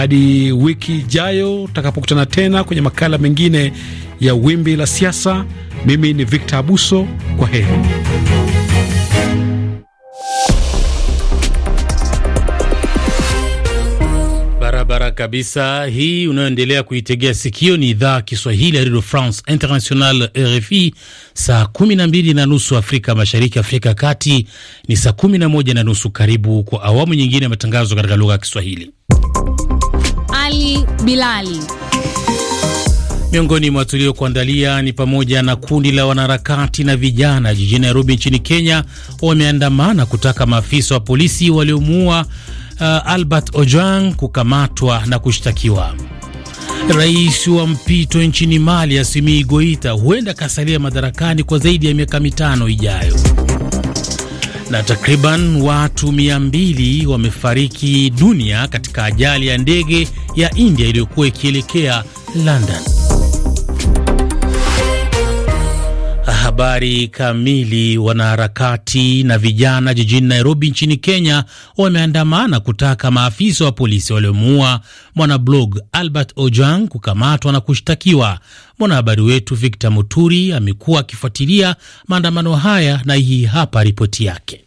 hadi wiki ijayo utakapokutana tena kwenye makala mengine ya Wimbi la Siasa. Mimi ni Victor Abuso, kwa heri. Barabara kabisa. Hii unayoendelea kuitegea sikio ni idhaa Kiswahili ya Radio France International, RFI. Saa kumi na mbili na nusu Afrika Mashariki, Afrika ya Kati ni saa kumi na moja na nusu. Karibu kwa awamu nyingine ya matangazo katika lugha ya Kiswahili. Ali Bilali. Miongoni mwa tuliokuandalia ni pamoja na kundi la wanaharakati na vijana jijini Nairobi nchini Kenya wameandamana kutaka maafisa wa polisi waliomuua uh, Albert Ojwang kukamatwa na kushtakiwa. Rais wa mpito nchini Mali Asimi Goita huenda akasalia madarakani kwa zaidi ya miaka mitano ijayo. Na takriban watu 200 wamefariki dunia katika ajali ya ndege ya India iliyokuwa ikielekea London. Habari kamili. Wanaharakati na vijana jijini Nairobi nchini Kenya wameandamana kutaka maafisa wa polisi waliomuua mwanablog Albert Ojwang kukamatwa na kushtakiwa. Mwanahabari wetu Victor Muturi amekuwa akifuatilia maandamano haya na hii hapa ripoti yake.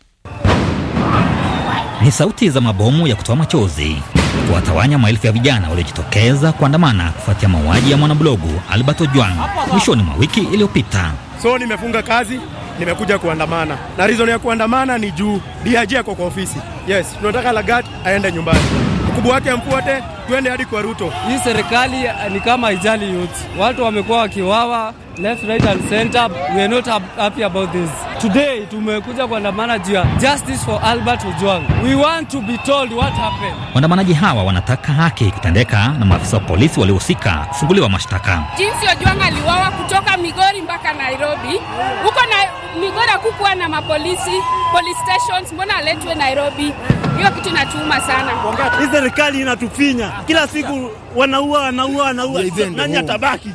Ni sauti za mabomu ya kutoa machozi kuwatawanya maelfu ya vijana waliojitokeza kuandamana kufuatia mauaji ya mwanablogu Albert Ojwang mwishoni mwa wiki iliyopita. So nimefunga kazi, nimekuja kuandamana, na reason ya kuandamana ni juu DRG ako kwa ofisi. Yes, tunataka Lagat aende nyumbani, mkubwa wake amfuate, tuende hadi kwa Ruto. Hii serikali eh, ni kama ijali youth, watu wamekuwa wakiwawa left right and center. We are not happy about this. Today tumekuja kuandamana juu ya justice for Albert Ojwang. We want to be told what happened. Waandamanaji hawa wanataka haki ikitendeka na maafisa wa polisi waliohusika kufunguliwa mashtaka. Jinsi Ojwang aliwawa kutoka Migori mpaka Nairobi, huko na Migori hakukuwa na mapolisi, police stations, mbona aletwe Nairobi? Hiyo kitu inatuuma sana. Hii serikali inatufinya kila siku, wanaua wanaua wanaua, nani atabaki?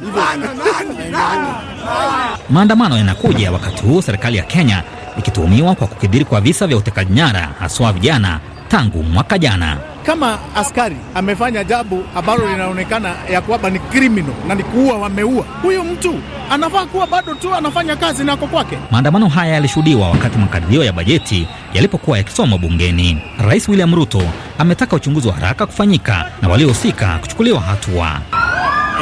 Maandamano yanakuja wakati huu serikali ya Kenya Kenya ikituhumiwa kwa kukidhiri kwa visa vya utekaji nyara haswa vijana tangu mwaka jana. Kama askari amefanya jambo ambalo linaonekana ya kwamba ni kriminal na ni kuua, wameua huyu mtu, anafaa kuwa bado tu anafanya kazi nako kwake. Maandamano haya yalishuhudiwa wakati makadirio ya bajeti yalipokuwa yakisomwa bungeni. Rais William Ruto ametaka uchunguzi wa haraka kufanyika na waliohusika kuchukuliwa hatua.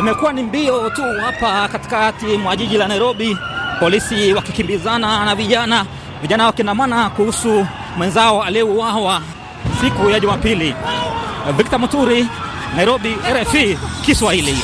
Imekuwa ni mbio tu hapa katikati mwa jiji la Nairobi polisi wakikimbizana na vijana vijana wakinamana kuhusu mwenzao aliyeuawa siku ya Jumapili. Victor Muturi, Nairobi, RFI Kiswahili.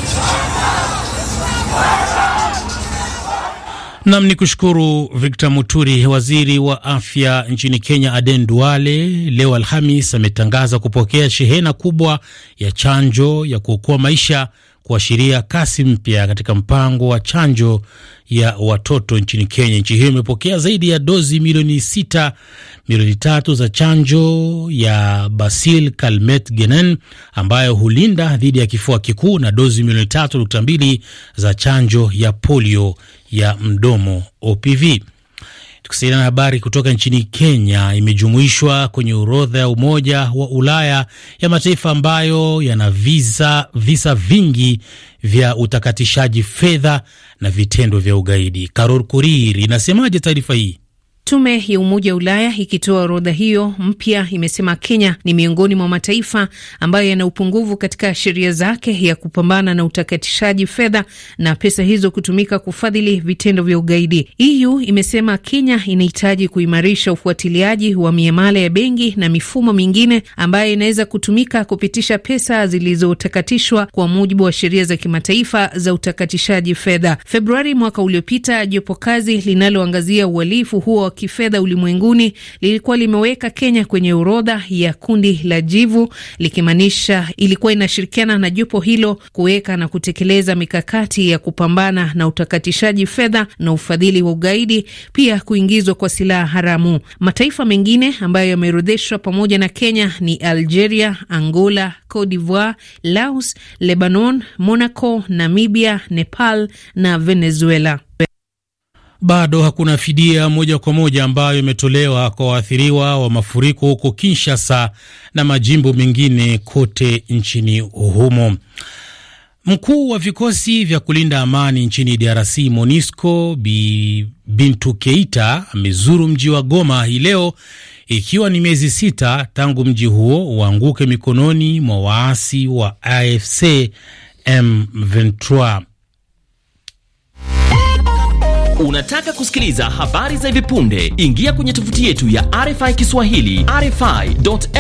Nam ni kushukuru Victor Muturi. Waziri wa afya nchini Kenya Aden Duale leo Alhamis ametangaza kupokea shehena kubwa ya chanjo ya kuokoa maisha kuashiria kasi mpya katika mpango wa chanjo ya watoto nchini Kenya. Nchi hiyo imepokea zaidi ya dozi milioni sita milioni tatu za chanjo ya Basil Calmette genen ambayo hulinda dhidi ya kifua kikuu na dozi milioni tatu nukta mbili za chanjo ya polio ya mdomo OPV. Sekta na habari kutoka nchini Kenya imejumuishwa kwenye orodha ya Umoja wa Ulaya ya mataifa ambayo yana visa, visa vingi vya utakatishaji fedha na vitendo vya ugaidi. Karol Kurir inasemaje taarifa hii? Tume ya Umoja wa Ulaya ikitoa orodha hiyo mpya imesema Kenya ni miongoni mwa mataifa ambayo yana upungufu katika sheria zake ya kupambana na utakatishaji fedha na pesa hizo kutumika kufadhili vitendo vya ugaidi. EU imesema Kenya inahitaji kuimarisha ufuatiliaji wa miamala ya benki na mifumo mingine ambayo inaweza kutumika kupitisha pesa zilizotakatishwa kwa mujibu wa sheria za kimataifa za utakatishaji fedha. Februari mwaka uliopita, jopo kazi linaloangazia uhalifu huo kifedha ulimwenguni lilikuwa limeweka Kenya kwenye orodha ya kundi la jivu, likimaanisha ilikuwa inashirikiana na jopo hilo kuweka na kutekeleza mikakati ya kupambana na utakatishaji fedha na ufadhili wa ugaidi, pia kuingizwa kwa silaha haramu. Mataifa mengine ambayo yameorodheshwa pamoja na Kenya ni Algeria, Angola, Cote d'Ivoire, Laos, Lebanon, Monaco, Namibia, Nepal na Venezuela. Bado hakuna fidia moja kwa moja ambayo imetolewa kwa waathiriwa wa mafuriko huko Kinshasa na majimbo mengine kote nchini humo. Mkuu wa vikosi vya kulinda amani nchini DRC MONUSCO Bi Bintu Keita amezuru mji wa Goma hii leo ikiwa ni miezi sita tangu mji huo uanguke mikononi mwa waasi wa AFC M23. Unataka kusikiliza habari za hivi punde? Ingia kwenye tovuti yetu ya RFI Kiswahili, rfi.fr/sw.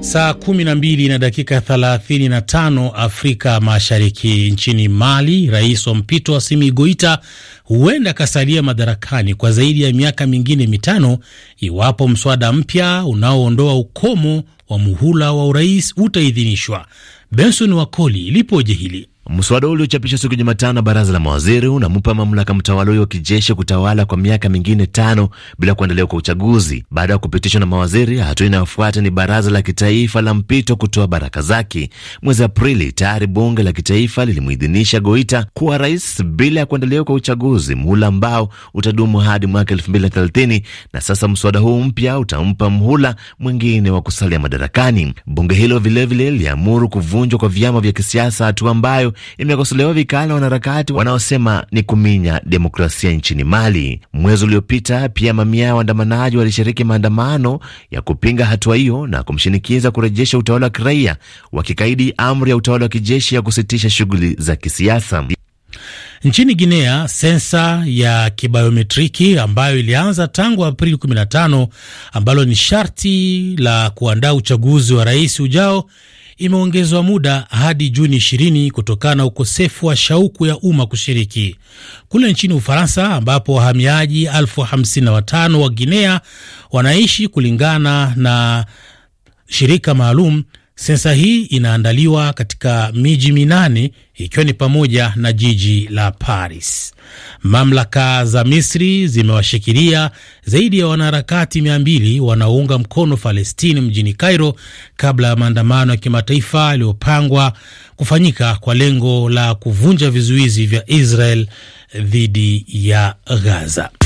Saa 12 na dakika 35 Afrika Mashariki. Nchini Mali, rais wa mpito wa Simi Goita huenda akasalia madarakani kwa zaidi ya miaka mingine mitano iwapo mswada mpya unaoondoa ukomo wa muhula wa urais utaidhinishwa. Benson Wakoli, lipoje hili? Mswada uliochapishwa siku ya Jumatano na baraza la mawaziri unampa mamlaka mtawala huyo wa kijeshi kutawala kwa miaka mingine tano bila kuandaliwa kwa uchaguzi. Baada ya kupitishwa na mawaziri, hatua inayofuata ni baraza la kitaifa la mpito kutoa baraka zake. Mwezi Aprili tayari bunge la kitaifa lilimuidhinisha Goita kuwa rais bila ya kuandaliwa kwa uchaguzi, muhula ambao utadumu hadi mwaka thelathini na sasa mswada huu mpya utampa mhula mwingine wa kusalia madarakani. Bunge hilo vilevile liliamuru kuvunjwa kwa vyama vya kisiasa, hatua ambayo imekosolewa vikali na wanaharakati wanaosema ni kuminya demokrasia nchini Mali. Mwezi uliopita pia mamia ya waandamanaji walishiriki maandamano ya kupinga hatua hiyo na kumshinikiza kurejesha utawala wa kiraia, wakikaidi amri ya utawala wa kijeshi ya kusitisha shughuli za kisiasa. Nchini Guinea, sensa ya kibayometriki ambayo ilianza tangu Aprili 15 ambalo ni sharti la kuandaa uchaguzi wa rais ujao imeongezwa muda hadi Juni 20 kutokana na ukosefu wa shauku ya umma kushiriki. Kule nchini Ufaransa, ambapo wahamiaji 55 wa Guinea wanaishi kulingana na shirika maalum Sensa hii inaandaliwa katika miji minane ikiwa ni pamoja na jiji la Paris. Mamlaka za Misri zimewashikilia zaidi ya wanaharakati mia mbili wanaounga mkono Falestini mjini Cairo kabla ya maandamano ya kimataifa yaliyopangwa kufanyika kwa lengo la kuvunja vizuizi vya Israel dhidi ya Gaza.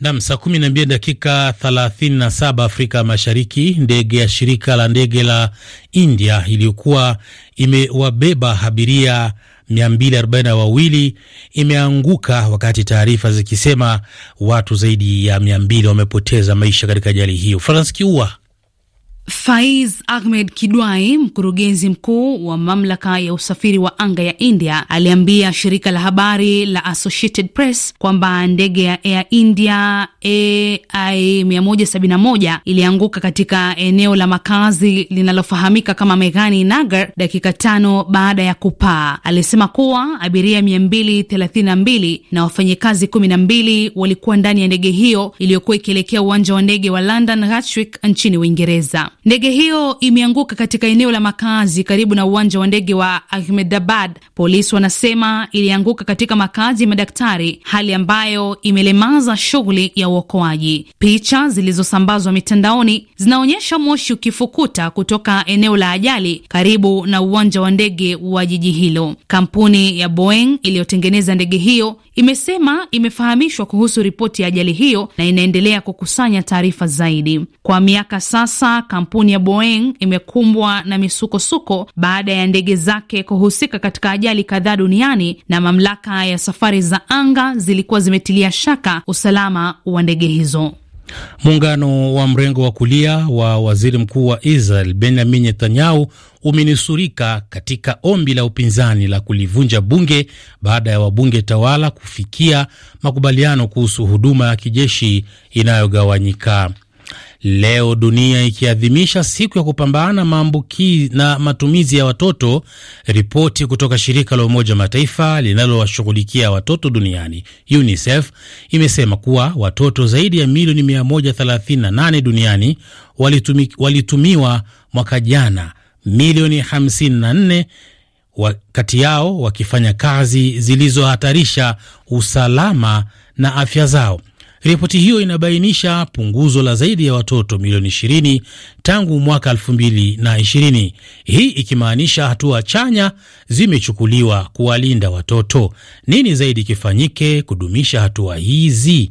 Nam, saa kumi na mbili dakika thelathini na saba Afrika Mashariki. Ndege ya shirika la ndege la India iliyokuwa imewabeba abiria 242 imeanguka wakati taarifa zikisema watu zaidi ya 200 wamepoteza maisha katika ajali hiyo. Franski kiua Faiz Ahmed Kidwai, mkurugenzi mkuu wa mamlaka ya usafiri wa anga ya India, aliambia shirika la habari la Associated Press kwamba ndege ya Air India AI 171 ilianguka katika eneo la makazi linalofahamika kama Meghani Nagar dakika tano baada ya kupaa. Alisema kuwa abiria 232 na wafanyikazi 12 walikuwa ndani ya ndege hiyo iliyokuwa ikielekea uwanja wa ndege wa London Gatwick nchini Uingereza. Ndege hiyo imeanguka katika eneo la makazi karibu na uwanja wa ndege wa Ahmedabad. Polisi wanasema ilianguka katika makazi ya madaktari, hali ambayo imelemaza shughuli ya uokoaji. Picha zilizosambazwa mitandaoni zinaonyesha moshi ukifukuta kutoka eneo la ajali karibu na uwanja wa ndege wa jiji hilo. Kampuni ya Boeing iliyotengeneza ndege hiyo imesema imefahamishwa kuhusu ripoti ya ajali hiyo na inaendelea kukusanya taarifa zaidi. Kwa miaka sasa kampuni kampuni ya Boeing imekumbwa na misukosuko baada ya ndege zake kuhusika katika ajali kadhaa duniani na mamlaka ya safari za anga zilikuwa zimetilia shaka usalama wa ndege hizo. Muungano wa mrengo wa kulia wa waziri mkuu wa Israel Benjamin Netanyahu umenusurika katika ombi la upinzani la kulivunja bunge baada ya wabunge tawala kufikia makubaliano kuhusu huduma ya kijeshi inayogawanyika leo dunia ikiadhimisha siku ya kupambana maambukizi na matumizi ya watoto. Ripoti kutoka shirika la Umoja wa Mataifa linalowashughulikia watoto duniani UNICEF imesema kuwa watoto zaidi ya milioni 138 duniani walitumi, walitumiwa mwaka jana, milioni 54 kati yao wakifanya kazi zilizohatarisha usalama na afya zao. Ripoti hiyo inabainisha punguzo la zaidi ya watoto milioni 20 tangu mwaka 2020, hii ikimaanisha hatua chanya zimechukuliwa kuwalinda watoto. Nini zaidi kifanyike kudumisha hatua hizi?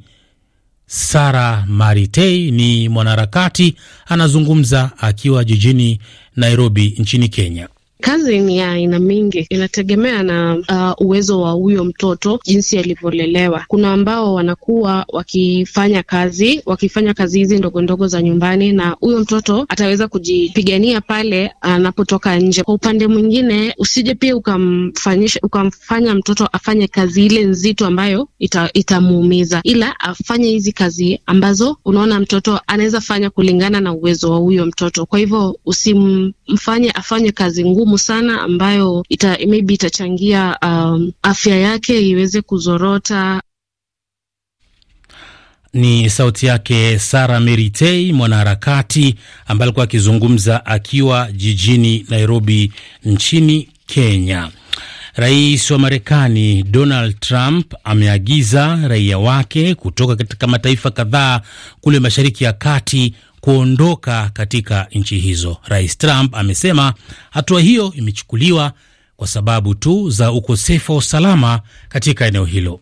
Sara Maritei ni mwanaharakati, anazungumza akiwa jijini Nairobi nchini Kenya. Kazi ni ya aina mingi, inategemea na uh, uwezo wa huyo mtoto jinsi alivyolelewa. Kuna ambao wanakuwa wakifanya kazi wakifanya kazi hizi ndogo ndogo za nyumbani, na huyo mtoto ataweza kujipigania pale anapotoka uh, nje. Kwa upande mwingine, usije pia ukamfanyisha ukamfanya mtoto afanye kazi ile nzito ambayo ita, itamuumiza, ila afanye hizi kazi ambazo unaona mtoto anaweza fanya kulingana na uwezo wa huyo mtoto. Kwa hivyo usim mfanye afanye kazi ngumu sana ambayo ita, maybe itachangia um, afya yake iweze kuzorota. Ni sauti yake Sara Meritei, mwanaharakati ambaye alikuwa akizungumza akiwa jijini Nairobi nchini Kenya. Rais wa Marekani Donald Trump ameagiza raia wake kutoka katika mataifa kadhaa kule Mashariki ya Kati kuondoka katika nchi hizo. Rais Trump amesema hatua hiyo imechukuliwa kwa sababu tu za ukosefu wa usalama katika eneo hilo.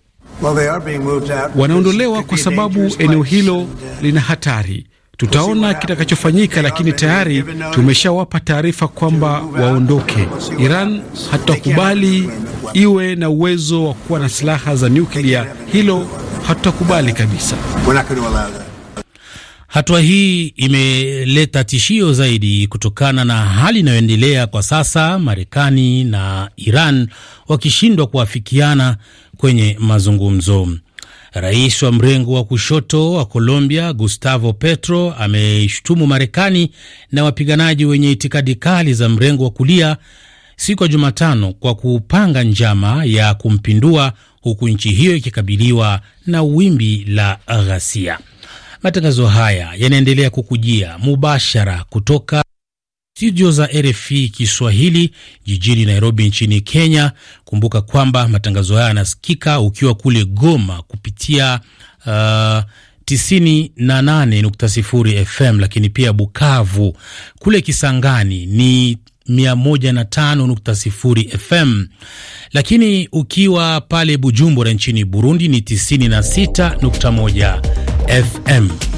Wanaondolewa kwa sababu eneo hilo uh, lina hatari. Tutaona kitakachofanyika, lakini tayari tumeshawapa taarifa kwamba waondoke. Iran hatutakubali iwe na uwezo wa kuwa na silaha za nyuklia, hilo hatutakubali kabisa. Hatua hii imeleta tishio zaidi kutokana na hali inayoendelea kwa sasa, Marekani na Iran wakishindwa kuafikiana kwenye mazungumzo. Rais wa mrengo wa kushoto wa Colombia Gustavo Petro ameshutumu Marekani na wapiganaji wenye itikadi kali za mrengo wa kulia siku ya Jumatano kwa kupanga njama ya kumpindua huku nchi hiyo ikikabiliwa na wimbi la ghasia. Matangazo haya yanaendelea kukujia mubashara kutoka studio za RFI Kiswahili jijini Nairobi nchini Kenya. Kumbuka kwamba matangazo haya yanasikika ukiwa kule Goma kupitia uh, 98.0 FM, lakini pia Bukavu kule Kisangani ni 105.0 FM, lakini ukiwa pale Bujumbura nchini Burundi ni 96.1 FM.